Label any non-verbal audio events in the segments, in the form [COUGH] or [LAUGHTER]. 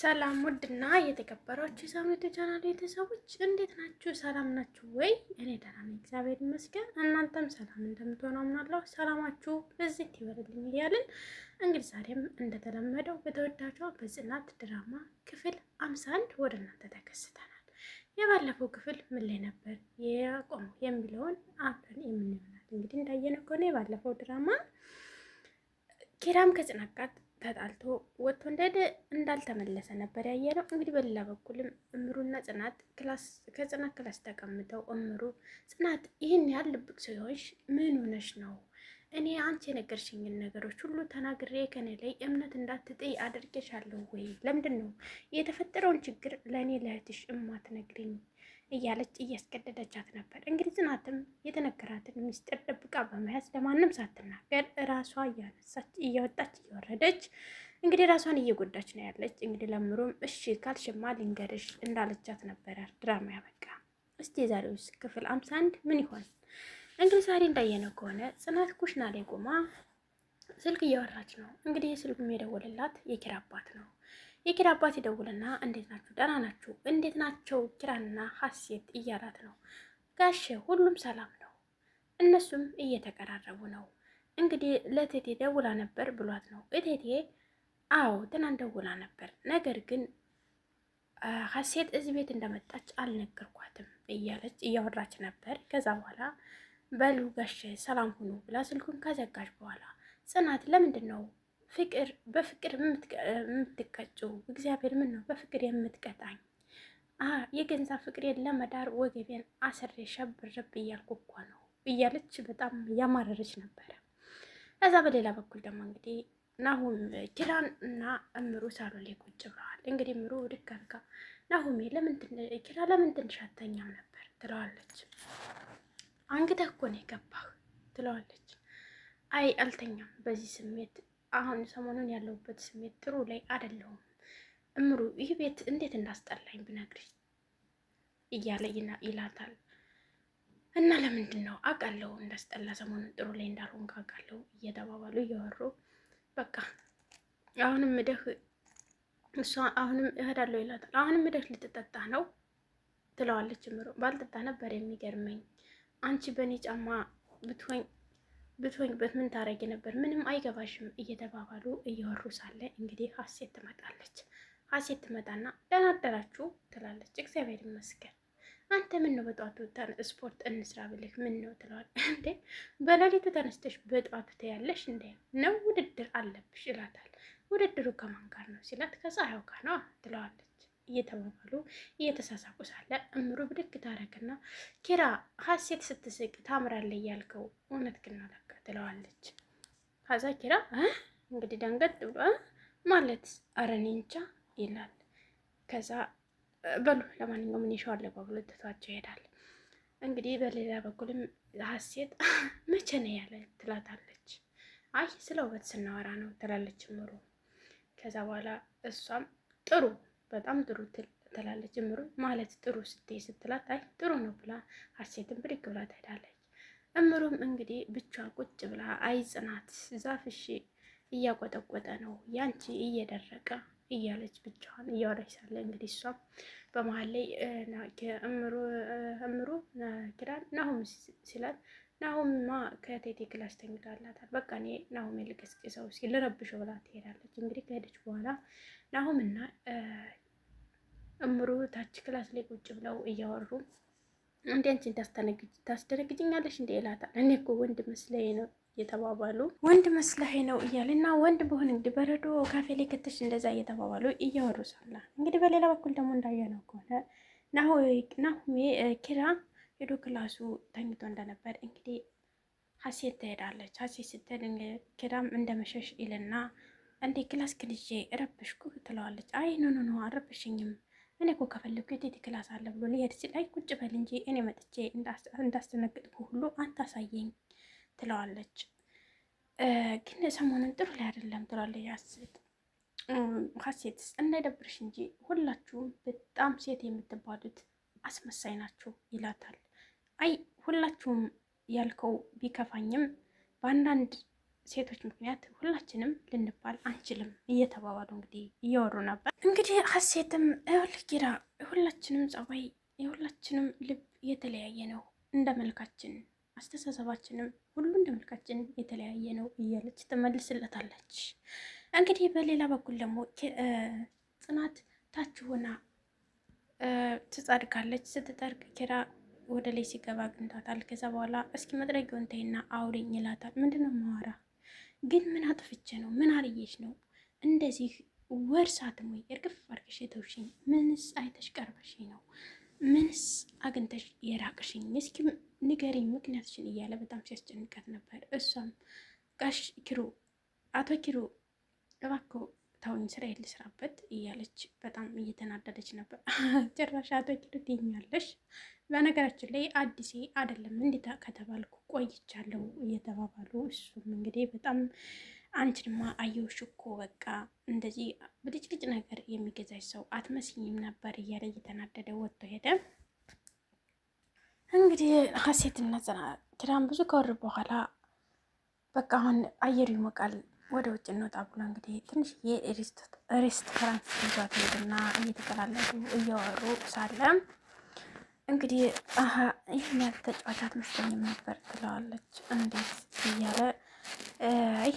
ሰላም ውድና የተከበራችሁ የሳምንቱ ቻናል ቤተሰቦች እንዴት ናችሁ? ሰላም ናችሁ ወይ? እኔ ደህና ነኝ እግዚአብሔር ይመስገን። እናንተም ሰላም እንደምትሆኑ አምናለሁ። ሰላማችሁ በዚህ ይበልልኝ እያልን እንግዲህ ዛሬም እንደተለመደው በተወዳጇ በጽናት ድራማ ክፍል አምሳ አንድ ወደ እናንተ ተከስተናል። የባለፈው ክፍል ምን ላይ ነበር የቆመው የሚለውን አብረን የምንሆናል። እንግዲህ እንዳየነው ከሆነ የባለፈው ድራማ ኪራም ከጽናት ጋር ተጣልቶ ወጥቶ እንደሄደ እንዳልተመለሰ ነበር ያየ ነው። እንግዲህ በሌላ በኩልም እምሩና ጽናት ከጽናት ክላስ ተቀምጠው እምሩ ጽናት ይህን ያህል ልብቅ ሰዎች ምን ሆነሽ ነው? እኔ አንቺ የነገርሽኝን ነገሮች ሁሉ ተናግሬ ከኔ ላይ እምነት እንዳትጥይ አድርጌሻለሁ ወይ? ለምንድን ነው የተፈጠረውን ችግር ለእኔ ለእህትሽ እማትነግሪኝ? እያለች እያስገደደቻት ነበር። እንግዲህ ጽናትም የተነገራትን ሚስጥር ደብቃ በመያዝ ለማንም ሳትናገር ራሷ እያነሳች እያወጣች እየወረደች እንግዲህ ራሷን እየጎዳች ነው ያለች። እንግዲህ ለምሮም እሺ ካልሽማ ልንገርሽ እንዳለቻት ነበረ ድራማ ያበቃ። እስቲ የዛሬውስ ክፍል አምሳ አንድ ምን ይሆን እንግዲህ ዛሬ እንዳየነው ከሆነ ጽናት ኩሽና ላይ ቆማ ስልክ እያወራች ነው። እንግዲህ የስልኩም የደወልላት የኪራ አባት ነው። የኪራ አባት ይደውልና እንዴት ናችሁ? ደህና ናችሁ? እንዴት ናቸው ኪራና ሀሴት እያላት ነው። ጋሼ ሁሉም ሰላም ነው፣ እነሱም እየተቀራረቡ ነው። እንግዲህ ለቴቴ ደውላ ነበር ብሏት ነው። እቴቴ አዎ ትናንት ደውላ ነበር፣ ነገር ግን ሀሴት እዚህ ቤት እንደመጣች አልነገርኳትም እያለች እያወራች ነበር። ከዛ በኋላ በሉ ጋሼ ሰላም ሁኑ ብላ ስልኩን ከዘጋች በኋላ ጽናት ለምንድን ነው ፍቅር በፍቅር የምትቀጭው እግዚአብሔር ምን ነው በፍቅር የምትቀጣኝ? የገንዛ ፍቅሬን ለመዳር ወገቤን አስሬ ሸብርብ እያልኩ እኮ ነው እያለች በጣም ያማረረች ነበረ። ከዛ በሌላ በኩል ደግሞ እንግዲህ ናሁም ኪራን እና እምሩ ሳሎን ላይ ቁጭ ብለዋል። እንግዲህ ምሩ ድክ አድርጋ ናሁሜ ኪራ ለምን ትንሽ አተኛም ነበር ትለዋለች። አንግተህ እኮ ነው የገባህ ትለዋለች። አይ አልተኛም በዚህ ስሜት አሁን ሰሞኑን ያለሁበት ስሜት ጥሩ ላይ አይደለሁም። እምሩ ይህ ቤት እንዴት እንዳስጠላኝ ብነግርሽ እያለ ይላታል። እና ለምንድን ነው አውቃለሁ እንዳስጠላ ሰሞኑን ጥሩ ላይ እንዳልሆንክ አውቃለሁ እየተባባሉ እያወሩ በቃ አሁንም እደህ እሷ አሁንም እሄዳለሁ ይላታል። አሁንም እደህ ልትጠጣ ነው ትለዋለች እምሩ። ባልጠጣ ነበር የሚገርመኝ አንቺ በእኔ ጫማ ብትሆኝ ብትሆኝበት ምን ታረጊ ነበር? ምንም አይገባሽም እየተባባሉ እየወሩ ሳለ እንግዲህ ሀሴት ትመጣለች። ሀሴት ትመጣና ደህና አደራችሁ ትላለች። እግዚአብሔር ይመስገን አንተ ምን ነው በጠዋቱ ስፖርት እንስራ ብልህ ምን ነው ትለዋል። [LAUGHS] እንዴ በሌሊቱ ተነስተሽ በጠዋቱ ትያለሽ እንዴ ነው ውድድር አለብሽ ይላታል። ውድድሩ ከማን ጋር ነው ሲላት ከፀሐዩ ጋር ነው ትለዋለች። እየተባባሉ እየተሳሳቁ ሳለ እምሩ ብድግ ታረግና ኪራ ሀሴት ስትስቅ ታምራለህ እያልከው እውነት ግን አለካ ትለዋለች። ከዛ ኪራ እንግዲህ ደንገጥ ብሎ ማለት ኧረ እኔ እንጃ ይላል። ከዛ በሉ ለማንኛውም እኔ ሸዋለሁ ብሎ ትቷቸው ይሄዳል። እንግዲህ በሌላ በኩልም ሀሴት [LAUGHS] መቼ ነው ያለ ትላታለች። አይ ስለ ውበት ስናወራ ነው ትላለች እምሩ። ከዛ በኋላ እሷም ጥሩ በጣም ጥሩ ትላለች እምሩ። ማለት ጥሩ ስትይ ስትላት አይ ጥሩ ነው ብላ ሀሴትን ብድግ ብላ ትሄዳለች። እምሩም እንግዲህ ብቻ ቁጭ ብላ አይ ጽናት ዛፍሽ እያቆጠቆጠ ነው ያንቺ እየደረቀ እያለች ብቻዋን እያወራች ሳለ እንግዲህ እሷም በመሀል ላይ እምሩ ኪራን ናሁም ሲላት ናሁምማ ከቴቴ ክላስ ተኝታላታል። በቃ እኔ ናሁም ልቀስቅሰው እስኪ ልረብሸው ብላ ትሄዳለች። እንግዲህ ከሄደች በኋላ ናሆም እና እምሩ ታች ክላስ ላይ ቁጭ ብለው እያወሩ እንዴ አንቺ ታስተነግጅ ታስደነግጭኛለሽ እንዴ ይላታል። እኔ እኮ ወንድ መስለኝ ነው እየተባባሉ ወንድ መስላሄ ነው እያለ እና ወንድ በሆን እንግዲህ በረዶ ካፌ ላይ ከተሽ እንደዛ እየተባባሉ እያወሩ ሳላ እንግዲህ በሌላ በኩል ደግሞ እንዳየነው ከሆነ ናሁሜ ኪራ ሄዶ ክላሱ ተኝቶ እንደነበር እንግዲህ ሀሴት ትሄዳለች። ሀሴት ስትሄድ ኪራም እንደመሸሽ ይልና እንዴ ክላስ ግን ይዤ ትለዋለች። አይ ኖ ኖ ኖ አረብሽኝም እኔ እኮ ከፈለግኩ የቴቴ ክላስ አለ ብሎ ሊሄድ ሲል አይ ቁጭ በል እንጂ እኔ መጥቼ እንዳስደነግጥኩ ሁሉ አንተ ትለዋለች። ግን ሰሞኑን ጥሩ ላይ አይደለም ትለዋለች። ሀሴት እንዳይደብርሽ እንጂ ሁላችሁም በጣም ሴት የምትባሉት አስመሳይ ናችሁ ይላታል። አይ ሁላችሁም ያልከው ቢከፋኝም በአንዳንድ ሴቶች ምክንያት ሁላችንም ልንባል አንችልም እየተባባሉ እንግዲህ እያወሩ ነበር። እንግዲህ ሀሴትም ይኸውልህ ኪራ፣ የሁላችንም ጸባይ የሁላችንም ልብ የተለያየ ነው እንደ መልካችን፣ አስተሳሰባችንም ሁሉ እንደ መልካችን የተለያየ ነው እያለች ትመልስለታለች። እንግዲህ በሌላ በኩል ደግሞ ጽናት ታች ሆና ትጸድቃለች። ስትጠርቅ ኪራ ወደ ላይ ሲገባ አግኝቷታል። ከዛ በኋላ እስኪ መጥረጊያውን ተይና አውሪኝ ይላታል። ምንድነው ማወራ ግን ምን አጥፍቼ ነው? ምን አርየሽ ነው እንደዚህ ወር ሳትሞይ እርግፍ አድርገሽ የተውሽኝ? ምንስ አይተሽ ቀርበሽ ነው? ምንስ አግኝተሽ የራቅሽኝ? እስኪ ንገሪኝ ምክንያትሽን እያለ በጣም ሲያስጨንቃት ነበር። እሷም ጋሽ ኪሮ፣ አቶ ኪሮ እባክዎ ታውኝ ስራ የልስራበት እያለች በጣም እየተናደደች ነበር። ጭራሽ አቶ ኪሮ ትይኛለሽ። በነገራችን ላይ አዲሴ አይደለም እንዴታ ከተባልኩ ቆይቻለሁ እየተባባሉ እሱም እንግዲህ በጣም አንቺንማ አየሁሽ እኮ በቃ እንደዚህ ብልጭልጭ ነገር የሚገዛች ሰው አትመስኝም ነበር እያለ እየተናደደ ወጥቶ ሄደ። እንግዲህ ሀሴትና ጽና ኪራም ብዙ ከወር በኋላ በቃ አሁን አየሩ ይሞቃል ወደ ውጭ እንወጣ ብሎ እንግዲህ ትንሽዬ ሬስቶራንት ይዟት ሄድና እየተቀላለዱ እያወሩ ሳለ እንግዲህ አሀ ይህን ያህል ተጫዋች አትመስለኝም ነበር ትለዋለች። እንዴት እያለ አይ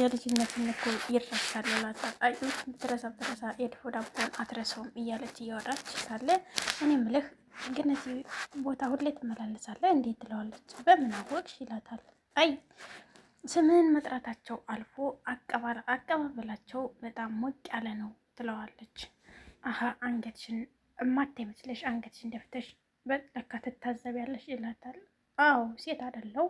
የልጅነትን እኮ ይረሳል ይላታል። አይ ብትረሳ ትረሳ የድፎ ዳቦን አትረሰውም እያለች እያወራች ሳለ እኔ ምልህ ግን እዚህ ቦታ ሁሌ ትመላለሳለህ እንዴት ትለዋለች። በምን አወቅሽ ይላታል። አይ ስምህን መጥራታቸው አልፎ አቀባበላቸው በጣም ሞቅ ያለ ነው ትለዋለች። አሀ አንገትሽን እማታይመስለሽ አንገትሽ እንደፍተሽ በለካ ትታዘቢያለሽ ይላታል። አዎ ሴት አደለው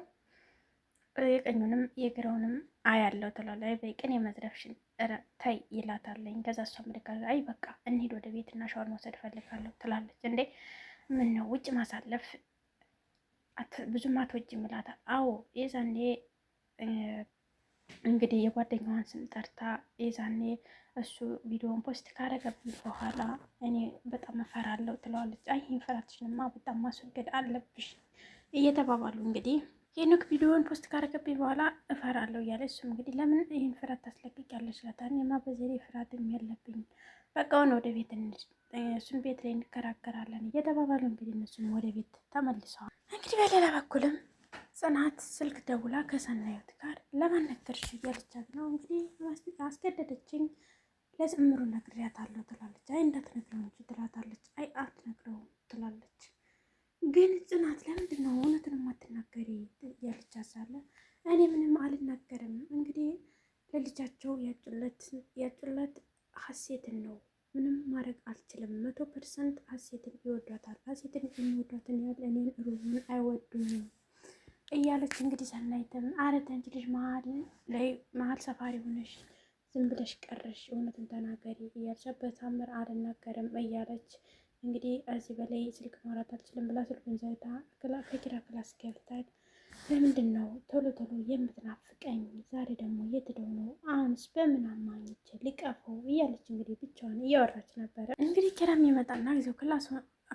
የቀኙንም የግራውንም አያለው ተላላይ በቀን የመዝረፍሽን ታይ ይላታለኝ። ከዛ እሷ ምልካ አይ በቃ እንሂድ ወደ ቤት እና ሻወር መውሰድ ፈልጋለሁ ትላለች። እንዴ ምን ነው ውጭ ማሳለፍ ብዙም አትወጂም ይላታል። አዎ የዛኔ እንግዲህ የጓደኛዋን ስም ጠርታ የዛኔ እሱ ቪዲዮን ፖስት ካረገብን በኋላ እኔ በጣም እፈራለሁ ትለዋለች። አይ ይህን ፍራትሽንማ በጣም ማስወገድ አለብሽ እየተባባሉ እንግዲህ ሄኖክ ቪዲዮን ፖስት ካረገብኝ በኋላ እፈራለሁ እያለ እሱም እንግዲህ ለምን ይህን ፍራት ታስለቅቂያለሽ? እላታለሁ እኔማ በዘሬ ፍራትም የለብኝ በቃውን ወደ ቤት እሱን ቤት ላይ እንከራከራለን እየተባባሉ እንግዲህ እነሱም ወደ ቤት ተመልሰዋል። እንግዲህ በሌላ በኩልም ጽናት ስልክ ደውላ ከሰናዮት ጋር ለማን ነገርሽ እያለቻት ነው እንግዲህ አስገደደችኝ ለጭምሩ ነግሬያታለሁ ትላለች። አይ እንዳትነግረው እንጂ ትላታለች። አይ አትነግረውም ትላለች። ግን ጽናት ለምንድን ነው እውነትን የማትናገሪ እያለቻት ሳለ እኔ ምንም አልናገርም እንግዲህ ለልጃቸው ያጩለት ሀሴትን ነው ምንም ማድረግ አልችልም። መቶ ፐርሰንት ሀሴትን ይወዷታል። ሀሴትን የሚወዷትን ያህል እኔን ሩምን አይወዱኝም። እያለች እንግዲህ ሰናይትም አረት አንቺ ልጅ መሀል ላይ መሀል ሰፋሪ ሆነሽ ዝም ብለሽ ቀረሽ፣ እውነትን ተናገሪ እያለች በታምር አልናገርም እያለች እንግዲህ እዚህ በላይ ስልክ ማውራት አልችልም ብላ ስልኩን ዘግታ ከኪራ ክላስ ገብታል። ለምንድን ነው ቶሎ ቶሎ የምትናፍቀኝ? ዛሬ ደግሞ የትደው ነው? አሁንስ በምን አማኝች ሊቀፈው እያለች እንግዲህ ብቻዋን እያወራች ነበረ። እንግዲህ ኪራም ይመጣና ጊዜው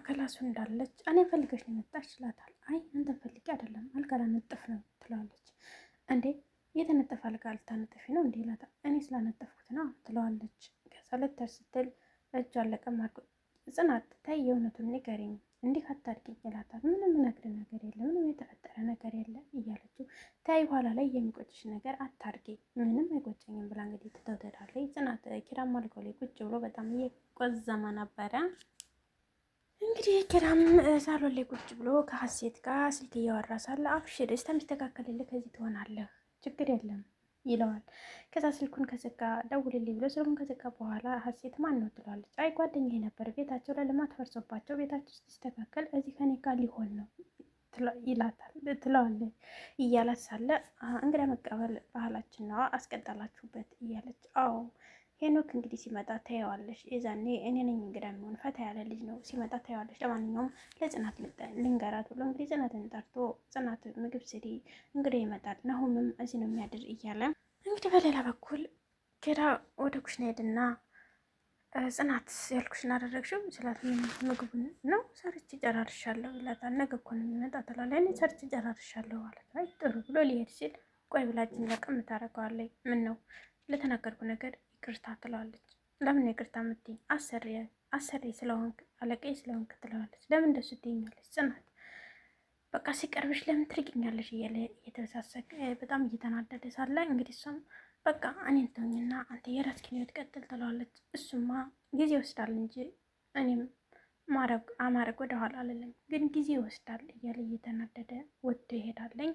ክላሱ እንዳለች እኔ ፈልገሽ ነው የመጣች ይችላታል ስላነጠፍ ነው ትለዋለች። እንዴ የተነጠፈ አልጋ ልታነጠፊ ነው እንዴ ይላታል። እኔ ስላነጠፍኩት ነው ትለዋለች። ከዛ ልትሄድ ስትል እጅ አለቀም አድርጎ ጽናት ታይ የእውነቱን ንገሪኝ እንዲህ አታድርጊኝ ይላታል። ምንም እነግርህ ነገር የለ፣ ምንም የተፈጠረ ነገር የለ እያለችው ታይ በኋላ ላይ የሚቆጭሽ ነገር አታድርጊ፣ ምንም አይቆጨኝም ብላ እንግዲህ ትተው ትሄዳለች። ጽናት ኪራም አልጋው ላይ ቁጭ ብሎ በጣም እየቆዘመ ነበረ። እንግዲህ ኪራም ሳሎን ላይ ቁጭ ብሎ ከሀሴት ጋር ስልክ እያወራ ሳለ አብሽር እስከሚስተካከልልህ ከዚህ ትሆናለህ፣ ችግር የለም ይለዋል። ከዛ ስልኩን ከዘጋ ደውልልኝ ብሎ ስልኩን ከዘጋ በኋላ ሀሴት ማን ነው ትለዋለች። አይ ጓደኛ ነበር፣ ቤታቸው ላይ ፈርሶባቸው ቤታቸው ሲስተካከል እዚህ ከኔ ጋር ሊሆን ነው ይላታል ትለዋለች። እያላት ሳለ እንግዳ መቀበል ባህላችን ነዋ፣ አስቀጠላችሁበት እያለች አዎ ሄኖክ እንግዲህ ሲመጣ ታየዋለሽ። የዛኔ እኔ ነኝ እንግዳ የሚሆን ፈታ ያለ ልጅ ነው፣ ሲመጣ ታየዋለሽ። ለማንኛውም ለጽናት ልንገራት ብሎ እንግዲህ ጽናትን ጠርቶ ጽናት ምግብ ስሪ፣ እንግዳ ይመጣል፣ ናሁምም እዚህ ነው የሚያድር እያለ እንግዲህ በሌላ በኩል ገዳ ወደ ኩሽና ሄድና ጽናት ያልኩሽን አደረግሽው ስላት ምግቡን ነው ሰርች ጨራርሻለሁ ይላታል። ነገ እኮ ነው የሚመጣ ትላለች። እኔ ሰርች ጨራርሻለሁ ማለት ላይ ጥሩ ብሎ ሊሄድ ሲል ቆይ ብላችን ለቀም ታደርገዋለች። ምን ነው ለተናገርኩ ነገር ይቅርታ ትለዋለች። ለምን ይቅርታ የምትይኝ? አሰሪ አሰሪ ስለሆንክ አለቀ ስለሆንክ ትለዋለች። ለምን እንደሱ ትይኛለች? ጽናት በቃ ሲቀርብሽ ለምን ትርቅኛለሽ? እያለ እየተበሳሰቀ በጣም እየተናደደ ሳለ እንግዲህ እሷም በቃ እኔን ተውኝና አንተ የራስህን ሕይወት ቀጥል ትለዋለች። እሱማ ጊዜ ይወስዳል እንጂ እኔም ማረግ አማረግ ወደኋላ አልልም፣ ግን ጊዜ ይወስዳል እያለ እየተናደደ ወጥቶ ይሄዳለኝ።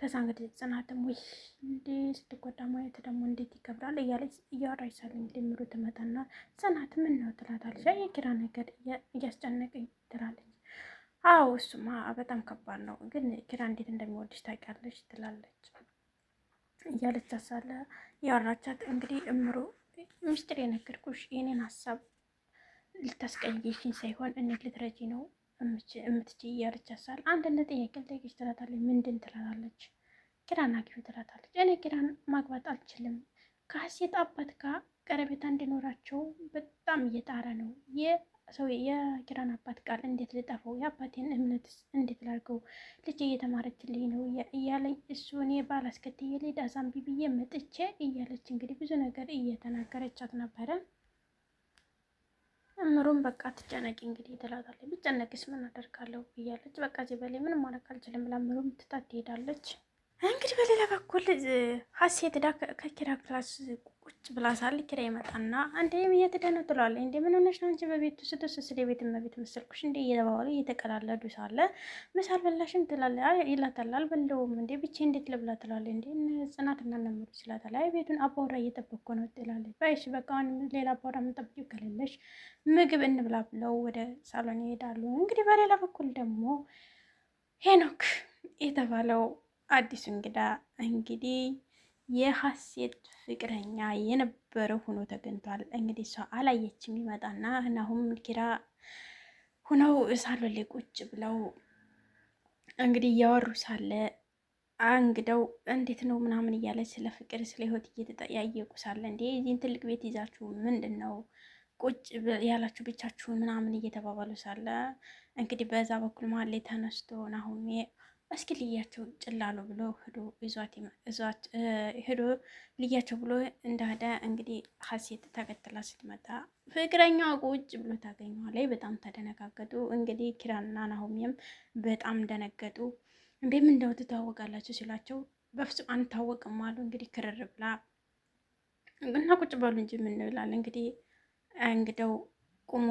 ከዛ እንግዲህ ጽናትም ውይ እንዴ ስትጎዳ ማየት ደግሞ እንዴት ይከብራል እያለች እያወራች ሳለ እንግዲህ ምሩ ትመጣና ጽናት ምን ነው ትላታለች። የኪራ ነገር እያስጨነቀኝ ትላለች። አዎ እሱማ በጣም ከባድ ነው፣ ግን ኪራ እንዴት እንደሚወድሽ ታውቂያለሽ ትላለች። እያለች ሳለ ያወራቻት እንግዲህ እምሩ ምስጢር የነገርኩሽ የኔን ሀሳብ ልታስቀይሽኝ ሳይሆን እኔ ልትረጂ ነው እምትች እያለች ያሳል አንድነት ጥያቄ ልጠይቅሽ ትላታለች። ምንድን ትላታለች? ኪራን አግቢው ትላታለች። እኔ ኪራን ማግባት አልችልም። ከሀሴት አባት ጋር ቀረቤታ እንዲኖራቸው በጣም እየጣረ ነው። ሰው የኪራን አባት ቃል እንዴት ልጠፈው? የአባቴን እምነትስ እንዴት ላርገው? ልጅ እየተማረችልኝ ነው እያለኝ እሱ እኔ ባል አስከትዬ ሌዳ ዛምቢ ብዬ መጥቼ እያለች እንግዲህ ብዙ ነገር እየተናገረቻት ነበረ። እምሩም በቃ ትጨነቂ እንግዲህ ትላታለች። ብጨነቅስ ምን አደርጋለሁ ብያለች። በቃ ጀበሌ ምንም ማድረግ አልችልም ብላ እምሩም ትታት ትሄዳለች። እንግዲህ በሌላ በኩል ሀሴት ዳ ከኪራ ክላስ ቁጭ ብላ ሳል ኪራ ይመጣና እንዴ እየተደነ ትለዋለ እንዴ ምን ሆነሽ ነው እንጂ በቤቱ ስትወስስ የቤት መቤት መሰልኩሽ እንዴ እየተባባሉ እየተቀላለዱ ሳለ ምሳ አልበላሽም ትላለ ይላታል አልበላሁም እንዴ ብቻ እንዴት ልብላ ትላለ እንዴ ጽናት እና ነምሩ ይችላታል አይ ቤቱን አባወራ እየጠበኩ ነው ትላለች ባይሽ በቃ ሌላ አባወራ የምጠብቂው ከሌለሽ ምግብ እንብላ ብለው ወደ ሳሎን ይሄዳሉ እንግዲህ በሌላ በኩል ደግሞ ሄኖክ የተባለው አዲሱ እንግዳ እንግዲህ የሀሴት ፍቅረኛ የነበረው ሆኖ ተገኝቷል። እንግዲህ እሷ አላየችም። ይመጣና እናሁም ኪራ ሆነው ሳሎን ላይ ቁጭ ብለው እንግዲህ እያወሩ ሳለ እንግዳው እንዴት ነው ምናምን እያለ ስለ ፍቅር ስለ ህይወት እየተጠያየቁ ሳለ እንዴ እዚህን ትልቅ ቤት ይዛችሁ ምንድን ነው ቁጭ ያላችሁ ብቻችሁን ምናምን እየተባባሉ ሳለ እንግዲህ በዛ በኩል መሀል ላይ ተነስቶ ናሁሜ እስኪ ልያቸው ጭላ ነው ብሎ ሄዶ ይዟት ይዟት ሄዶ ልያቸው ብሎ እንዳደ እንግዲህ ሀሴት ተከትላ ስትመጣ ፍቅረኛዋ ቁጭ ብሎ ታገኘዋለች። በጣም ተደነጋገጡ። እንግዲህ ኪራና ናሆሚም በጣም ደነገጡ። እንዴም እንደው ትተዋወቃላችሁ ሲሏቸው በፍጹም አንታወቅም አሉ። እንግዲህ ክርር ብላ እና ቁጭ በሉ እንጂ የምንብላል እንግዲህ እንግደው ቁሞ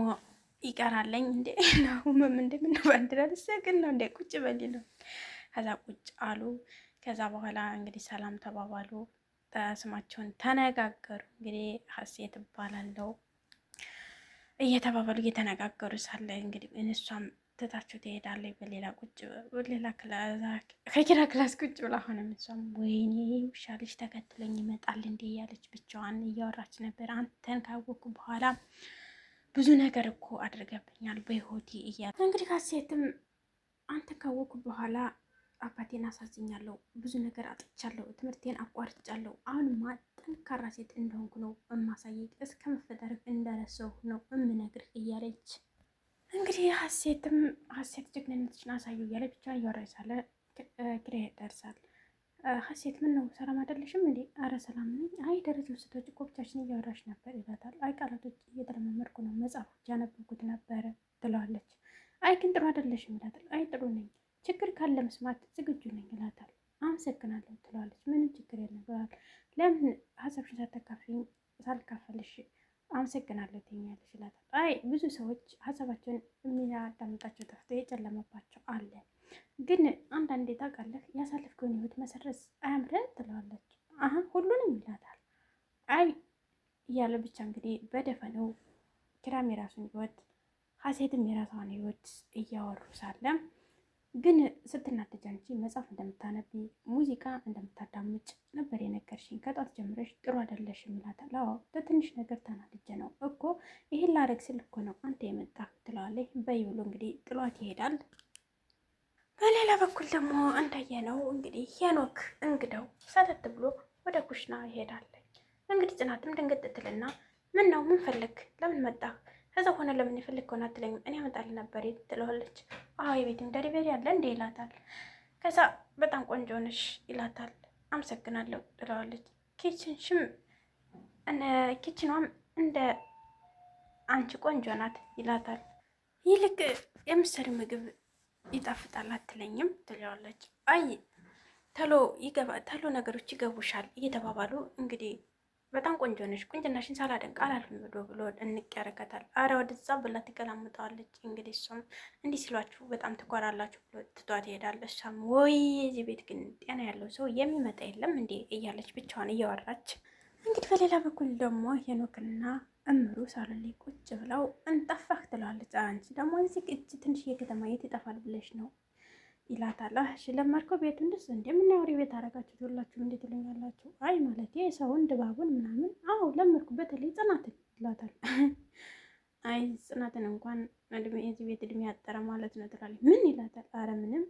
ይቀራለኝ እንደ ናሁመም እንደምነው ባንዲራ ልሰግን ነው እንደ ቁጭ በል ነው። ከዛ ቁጭ አሉ። ከዛ በኋላ እንግዲህ ሰላም ተባባሉ፣ ስማቸውን ተነጋገሩ። እንግዲህ ሀሴት እባላለሁ እየተባባሉ እየተነጋገሩ ሳለ እንግዲህ እሷም ትታችሁ ትሄዳለች። በሌላ ቁጭ በሌላ ከኪራ ክላስ ቁጭ ብላ ሆነ እሷም ወይኔ ውሻ ልጅ ተከትሎኝ ይመጣል እንዲህ እያለች ብቻዋን እያወራች ነበር። አንተን ካወቅኩ በኋላ ብዙ ነገር እኮ አድርገብኛል በህይወቴ እያለ እንግዲህ ካሴትም አንተ ካወኩ በኋላ አባቴን አሳዝኛለሁ፣ ብዙ ነገር አጥቻለሁ፣ ትምህርቴን አቋርጫለሁ። አሁንማ ጠንካራ ሴት እንደሆንኩ ነው እማሳየት፣ እስከ መፈጠር እንደረሰው ነው እምነግርህ እያለች እንግዲህ ሀሴትም ሀሴት ጀግንነትሽን አሳየው እያለ ብቻ እያወራች ሳለ ኪራይ ደርሳል። ሀሴት ምን ነው ሰላም አይደለሽም እንዴ? አረ ሰላም ነኝ። አይ ደረጃ ውስቶች ቆብቻችን እያወራሽ ነበር ይላታል። አይ ቃላቶች እየተለማመድኩ ነው፣ መጽሐፍ ያነበብኩት ነበረ ትለዋለች። አይ ግን ጥሩ አይደለሽም ይላታል። አይ ጥሩ ነኝ፣ ችግር ካለ መስማት ዝግጁ ነኝ ይላታል። አመሰግናለሁ ትለዋለች። ምንም ችግር የለም ብለዋል። ለምን ሀሳብሽን ሳታካፍኝ ሳልካፈልሽ አመሰግናለሁ ትኛለሽ ይላታል። አይ ብዙ ሰዎች ሀሳባቸውን የሚያዳምጣቸው ጠፍቶ የጨለመባቸው አለ ግን አንዳንዴ ታውቃለህ ያሳለፍከውን ህይወት መሰረዝ አያምርም ትለዋለች። አሁን ሁሉንም ይላታል። አይ እያለ ብቻ እንግዲህ በደፈነው ኪራም የራሱን ህይወት ሀሴትም የራሷን ህይወት እያወሩ ሳለ ግን ስትናደጃ እንጂ መጽሐፍ እንደምታነቢ ሙዚቃ እንደምታዳምጭ ነበር የነገርሽኝ። ከጧት ጀምረሽ ጥሩ አይደለሽም ይላታል። አዎ በትንሽ ነገር ተናድጄ ነው እኮ ይህን ላረግ ስል እኮ ነው አንተ የመጣ ትለዋለች። በይ ብሎ እንግዲህ ጥሏት ይሄዳል። በሌላ በኩል ደግሞ እንዳየነው እንግዲህ ሄኖክ እንግዳው ሰተት ብሎ ወደ ኩሽና ይሄዳል። እንግዲህ ጽናትም ደንገጥ ትልና ምን ነው ምን ለምን መጣ ከዛ ሆነ ለምን ይፈልግ ከሆነ አትለኝም እኔ እመጣልህ ነበር ትለዋለች። አዎ የቤት ደሪቤሪ ያለ እንዴ ይላታል። ከዛ በጣም ቆንጆ ነሽ ይላታል። አመሰግናለሁ ትለዋለች። ኪችን ሽም ኪችኗም እንደ አንቺ ቆንጆ ናት ይላታል። ይልቅ የምትሰሪው ምግብ ይጣፍጣል አትለኝም ትለዋለች። አይ ተሎ ይገባ ተሎ ነገሮች ይገቡሻል እየተባባሉ እንግዲህ በጣም ቆንጆ ነሽ፣ ቁንጅናሽን ሳላደንቅ አላልፍም ብሎ ብሎ እንቅ ያደርጋታል። አረ ወደዛ ብላ ትገላምጠዋለች። እንግዲህ እሷም እንዲህ ሲሏችሁ በጣም ትኮራላችሁ ብሎ ትቷት ይሄዳል። እሷም ወይ የዚህ ቤት ግን ጤና ያለው ሰው የሚመጣ የለም እንዴ እያለች ብቻዋን እያወራች እንግዲህ በሌላ በኩል ደግሞ ሄኖክና እምሩ ሳሎን ላይ ቁጭ ብለው እንጠፋህ ትለዋለች። አንቺ ደግሞ እዚህ እጅ ትንሽ የከተማ የት ይጠፋል ብለሽ ነው ይላታል። እሺ ለመድኮ ቤት እንደስ እንደምናወሪ ቤት አረጋችሁት ሁላችሁም እንዴት ትለኛላችሁ? አይ ማለት የሰውን ድባቡን ምናምን አዎ ለመድኩ በተለይ ጽናትን ይላታል። [LAUGHS] አይ ጽናትን እንኳን እድሜ እዚህ ቤት እድሜ ያጠረ ማለት ነው ትላለች። ምን ይላታል? አረ ምንም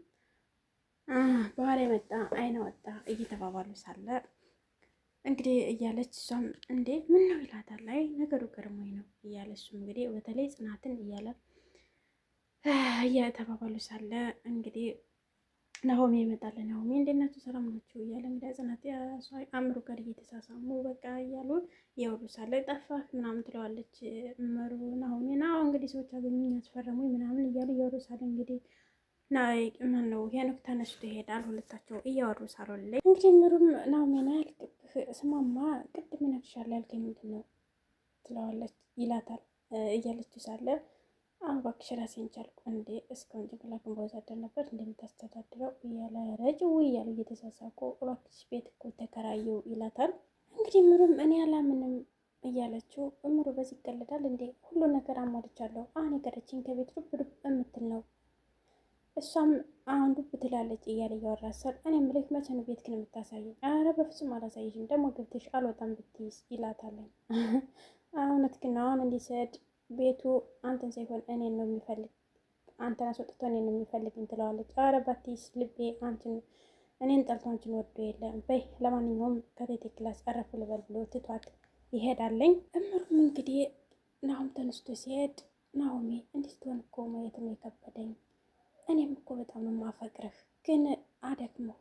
በኋላ የመጣ አይነ ወጣ እየተባባሉ ሳለ እንግዲህ እያለች እሷም እንዴ ምን ነው ይላታል። ላይ ነገሩ ገርሞኝ ነው እያለ እሱም እንግዲህ በተለይ ጽናትን እያለ እየተባባሉ ሳለ እንግዲህ ናሆሚ ይመጣል። ናሆሚ እንዴት ሰላም ናቸው እያለ እንግዲህ ጽናት አእምሮ ጋር እየተሳሳሙ በቃ እያሉ እያወሩ ሳለ ጠፋህ ምናምን ትለዋለች። መሩ ናሆሚ ና እንግዲህ ሰዎች አገኙኝ ያስፈረሙኝ ምናምን እያሉ እያወሩ ሳለ እንግዲህ ናይቅ ምን ነው ሄኖክ ተነስቶ ይሄዳል። ሁለታቸው እያወሩ ሳሎን ላይ እንግዲህ ምሩም ናሜና ያልቅብህ ስማማ ቅድም ነግሻለሁ ያልከኝ ምንድን ነው ትለዋለች ይላታል። እያለችው ሳለ እባክሽ ራሴን ቻልኩ እንዴ እስካሁን ጭንቅላቱን በወታደር ነበር እንደምታስተዳድረው እያለ ረጅው እያለ እየተሳሳቁ እባክሽ ቤት እኮ ተከራየው ይላታል። እንግዲህ ምሩም እኔ አላምንም እያለችው እምሩ በዚህ ይቀልዳል እንዴ ሁሉ ነገር አሟልቻለሁ አሁን የቀረችኝ ከቤት ዱብ ዱብ የምትል ነው እሷም አሁን አንዱ ትላለች እያለ እያወራ እያወራሳል። እኔ የምልህ መቼ ነው ቤት ግን የምታሳየኝ? አረ በፍጹም አላሳይሽም፣ ደግሞ ገብተሽ አልወጣም ብትይዝ ይላታለኝ። እውነት ግን አሁን እንዲሰድ ቤቱ አንተን ሳይሆን እኔን ነው የሚፈልግ፣ አንተን አስወጥቶ እኔን ነው የሚፈልግ ትለዋለች። አረ ባትይዝ ልቤ አንቺን እኔን ጠልቶ አንቺን ወዶ የለም። በይ ለማንኛውም ከቴቴ ክላስ አረፍ ልበል ብሎ ትቷት ይሄዳለኝ። እምሩም እንግዲህ ናሁም ተነስቶ ሲሄድ ናሆሜ እንዲህ ስትሆን እኮ ማየት ነው የከበደኝ እኔም እኮ በጣም ነው የማፈቅርህ ግን አደክመው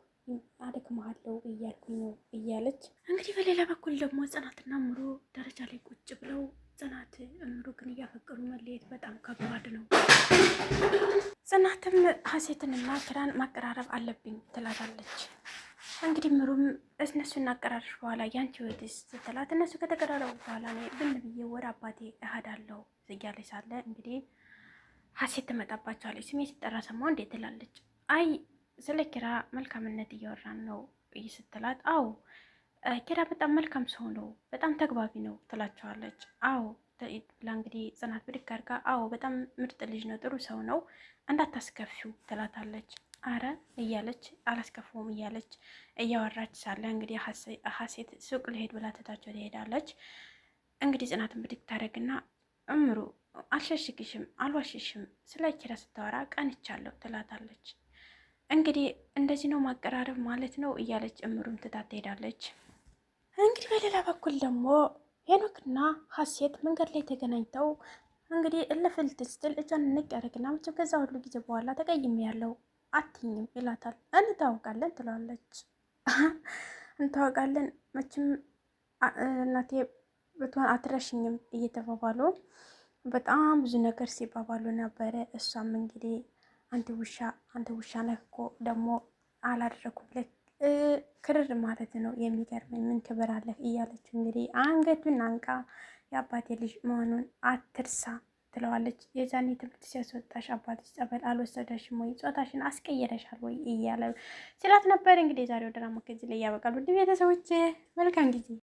አደክመሃለሁ እያልኩኝ ነው እያለች እንግዲህ በሌላ በኩል ደግሞ ጽናትና ምሮ ደረጃ ላይ ቁጭ ብለው ጽናት እምሩ ግን እያፈቀሩ መለየት በጣም ከባድ ነው። ጽናትም ሀሴትንና ኪራን ማቀራረብ አለብኝ ትላታለች። እንግዲህ ምሩም እነሱ እናቀራረሽ በኋላ ያንቺ ወዲስ ስትላት እነሱ ከተቀራረቡ በኋላ ብን ብዬ ወደ አባቴ እሄዳለሁ እያለች ሳለ እንግዲህ ሀሴት ትመጣባቸዋለች። ስሜ ሲጠራ ሰማሁ እንዴት ትላለች። አይ ስለ ኪራ መልካምነት እያወራን ነው ስትላት፣ አዎ ኪራ በጣም መልካም ሰው ነው፣ በጣም ተግባቢ ነው ትላቸዋለች። አዎ ብላ እንግዲህ ጽናት ብድግ አድርጋ አዎ በጣም ምርጥ ልጅ ነው፣ ጥሩ ሰው ነው፣ እንዳታስከፊው ትላታለች። አረ እያለች አላስከፈውም እያለች እያወራች ሳለ እንግዲህ ሀሴት ሱቅ ልሄድ ብላ ትታቸው ትሄዳለች። እንግዲህ ጽናትን ብድግ ታደርግና እምሩ አልሸሽግሽም፣ አልዋሽሽም ስለ ኪራ ስታወራ ቀንቻለሁ ትላታለች። እንግዲህ እንደዚህ ነው ማቀራረብ ማለት ነው እያለች እምሩም ትታት ትሄዳለች። እንግዲህ በሌላ በኩል ደግሞ ሄኖክና ሀሴት መንገድ ላይ ተገናኝተው እንግዲህ እልፍልት ስትል እጇን ንቅ ያደርግና መቼም ከዛ ሁሉ ጊዜ በኋላ ተቀይሜ ያለው አትኝም ይላታል። እንታወቃለን ትላለች። [LAUGHS] እንታወቃለን መቼም እናቴ ብትሆን አትረሽኝም እየተባባሉ በጣም ብዙ ነገር ሲባባሉ ነበረ። እሷም እንግዲህ አንተ ውሻ አንተ ውሻ ነህ እኮ ደግሞ አላደረኩም ብለህ ክርር ማለት ነው የሚገርመኝ፣ ምን ክብር አለህ እያለች እንግዲህ አንገቱን አንቃ የአባቴ ልጅ መሆኑን አትርሳ ትለዋለች። የዛኔ ትምህርት ሲያስወጣሽ አባትሽ ጸበል አልወሰደሽም ወይ ጾታሽን አስቀየረሻል ወይ እያለ ስላት ነበር። እንግዲህ የዛሬው ድራማ ከዚህ ላይ ያበቃል። ውድ ቤተሰቦች መልካም ጊዜ